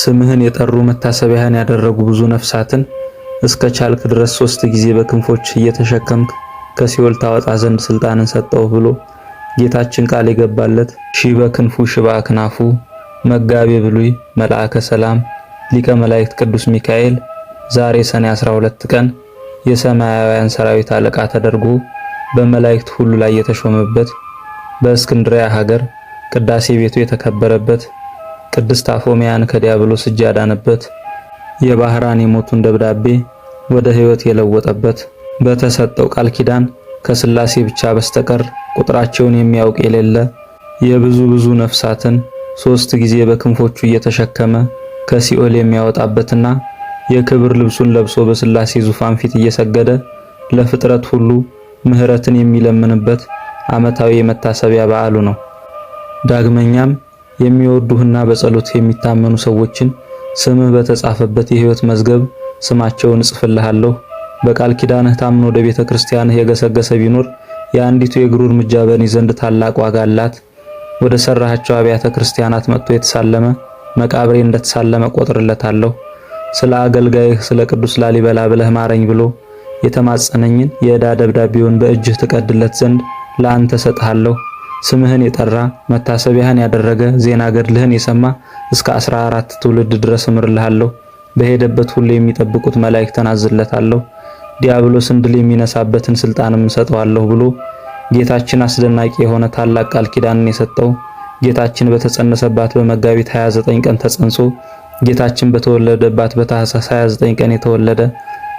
ስምህን የጠሩ መታሰቢያህን ያደረጉ ብዙ ነፍሳትን እስከ ቻልክ ድረስ ሶስት ጊዜ በክንፎች እየተሸከምክ ከሲኦል ታወጣ ዘንድ ስልጣንን ሰጠው ብሎ ጌታችን ቃል የገባለት ሺ በክንፉ ሽባ አክናፉ መጋቤ ብሉይ መልአከ ሰላም ሊቀ መላእክት ቅዱስ ሚካኤል ዛሬ ሰኔ 12 ቀን የሰማያውያን ሰራዊት አለቃ ተደርጎ በመላእክት ሁሉ ላይ የተሾመበት በእስክንድሪያ ሀገር ቅዳሴ ቤቱ የተከበረበት ቅድስት አፎሚያን ከዲያብሎስ እጅ ያዳነበት የባህራን የሞቱን ደብዳቤ ወደ ሕይወት የለወጠበት በተሰጠው ቃል ኪዳን ከስላሴ ብቻ በስተቀር ቁጥራቸውን የሚያውቅ የሌለ የብዙ ብዙ ነፍሳትን ሶስት ጊዜ በክንፎቹ እየተሸከመ ከሲኦል የሚያወጣበትና የክብር ልብሱን ለብሶ በስላሴ ዙፋን ፊት እየሰገደ ለፍጥረት ሁሉ ምሕረትን የሚለምንበት ዓመታዊ የመታሰቢያ በዓሉ ነው። ዳግመኛም የሚወዱህና በጸሎት የሚታመኑ ሰዎችን ስምህ በተጻፈበት የህይወት መዝገብ ስማቸውን እጽፍልሃለሁ። በቃል ኪዳንህ ታምኖ ወደ ቤተ ክርስቲያንህ የገሰገሰ ቢኖር የአንዲቱ የእግሩ እርምጃ በእኔ ዘንድ ታላቅ ዋጋ አላት። ወደ ሰራሃቸው አብያተ ክርስቲያናት መጥቶ የተሳለመ መቃብሬ እንደተሳለመ ቆጥርለታለሁ። ስለ አገልጋይህ ስለ ቅዱስ ላሊበላ ብለህ ማረኝ ብሎ የተማጸነኝን የዕዳ ደብዳቤውን በእጅህ ትቀድለት ዘንድ ለአንተ ሰጥሃለሁ። ስምህን የጠራ መታሰቢያህን ያደረገ ዜና ገድልህን የሰማ እስከ አስራ አራት ትውልድ ድረስ እምርልሃለሁ። በሄደበት ሁሉ የሚጠብቁት መላእክትን አዝለታለሁ፣ ዲያብሎስን ድል የሚነሳበትን ስልጣንም እሰጠዋለሁ ብሎ ጌታችን አስደናቂ የሆነ ታላቅ ቃል ኪዳንን የሰጠው ጌታችን በተጸነሰባት በመጋቢት 29 ቀን ተጸንሶ ጌታችን በተወለደባት በታኅሳስ 29 ቀን የተወለደ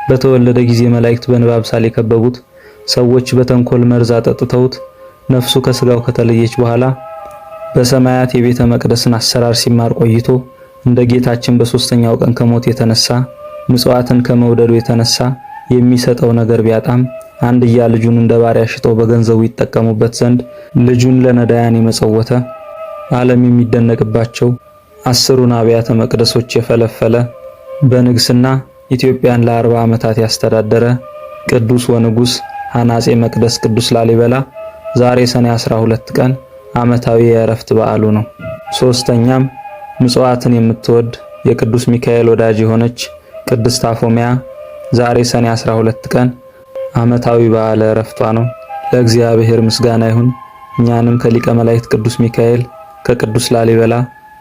በተወለደ ጊዜ መላእክት በንባብ ሳል የከበቡት ሰዎች በተንኮል መርዝ አጠጥተውት ነፍሱ ከስጋው ከተለየች በኋላ በሰማያት የቤተ መቅደስን አሰራር ሲማር ቆይቶ እንደ ጌታችን በሶስተኛው ቀን ከሞት የተነሳ ምጽዋትን ከመውደዱ የተነሳ የሚሰጠው ነገር ቢያጣም አንድያ ልጁን እንደ ባሪያ ሽጦ በገንዘቡ ይጠቀሙበት ዘንድ ልጁን ለነዳያን የመጸወተ ዓለም የሚደነቅባቸው አስሩን አብያተ መቅደሶች የፈለፈለ በንግስና ኢትዮጵያን ለአርባ ዓመታት ያስተዳደረ ቅዱስ ወንጉስ ሐናጼ መቅደስ ቅዱስ ላሊበላ ዛሬ ሰኔ 12 ቀን ዓመታዊ የእረፍት በዓሉ ነው። ሶስተኛም ምጽዋትን የምትወድ የቅዱስ ሚካኤል ወዳጅ የሆነች ቅድስት አፎሚያ ዛሬ ሰኔ 12 ቀን ዓመታዊ በዓለ እረፍቷ ነው። ለእግዚአብሔር ምስጋና ይሁን። እኛንም ከሊቀ መላእክት ቅዱስ ሚካኤል፣ ከቅዱስ ላሊበላ፣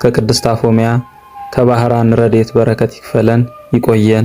ከቅድስት አፎሚያ ከባህራን ረድኤት በረከት ይክፈለን፣ ይቆየን።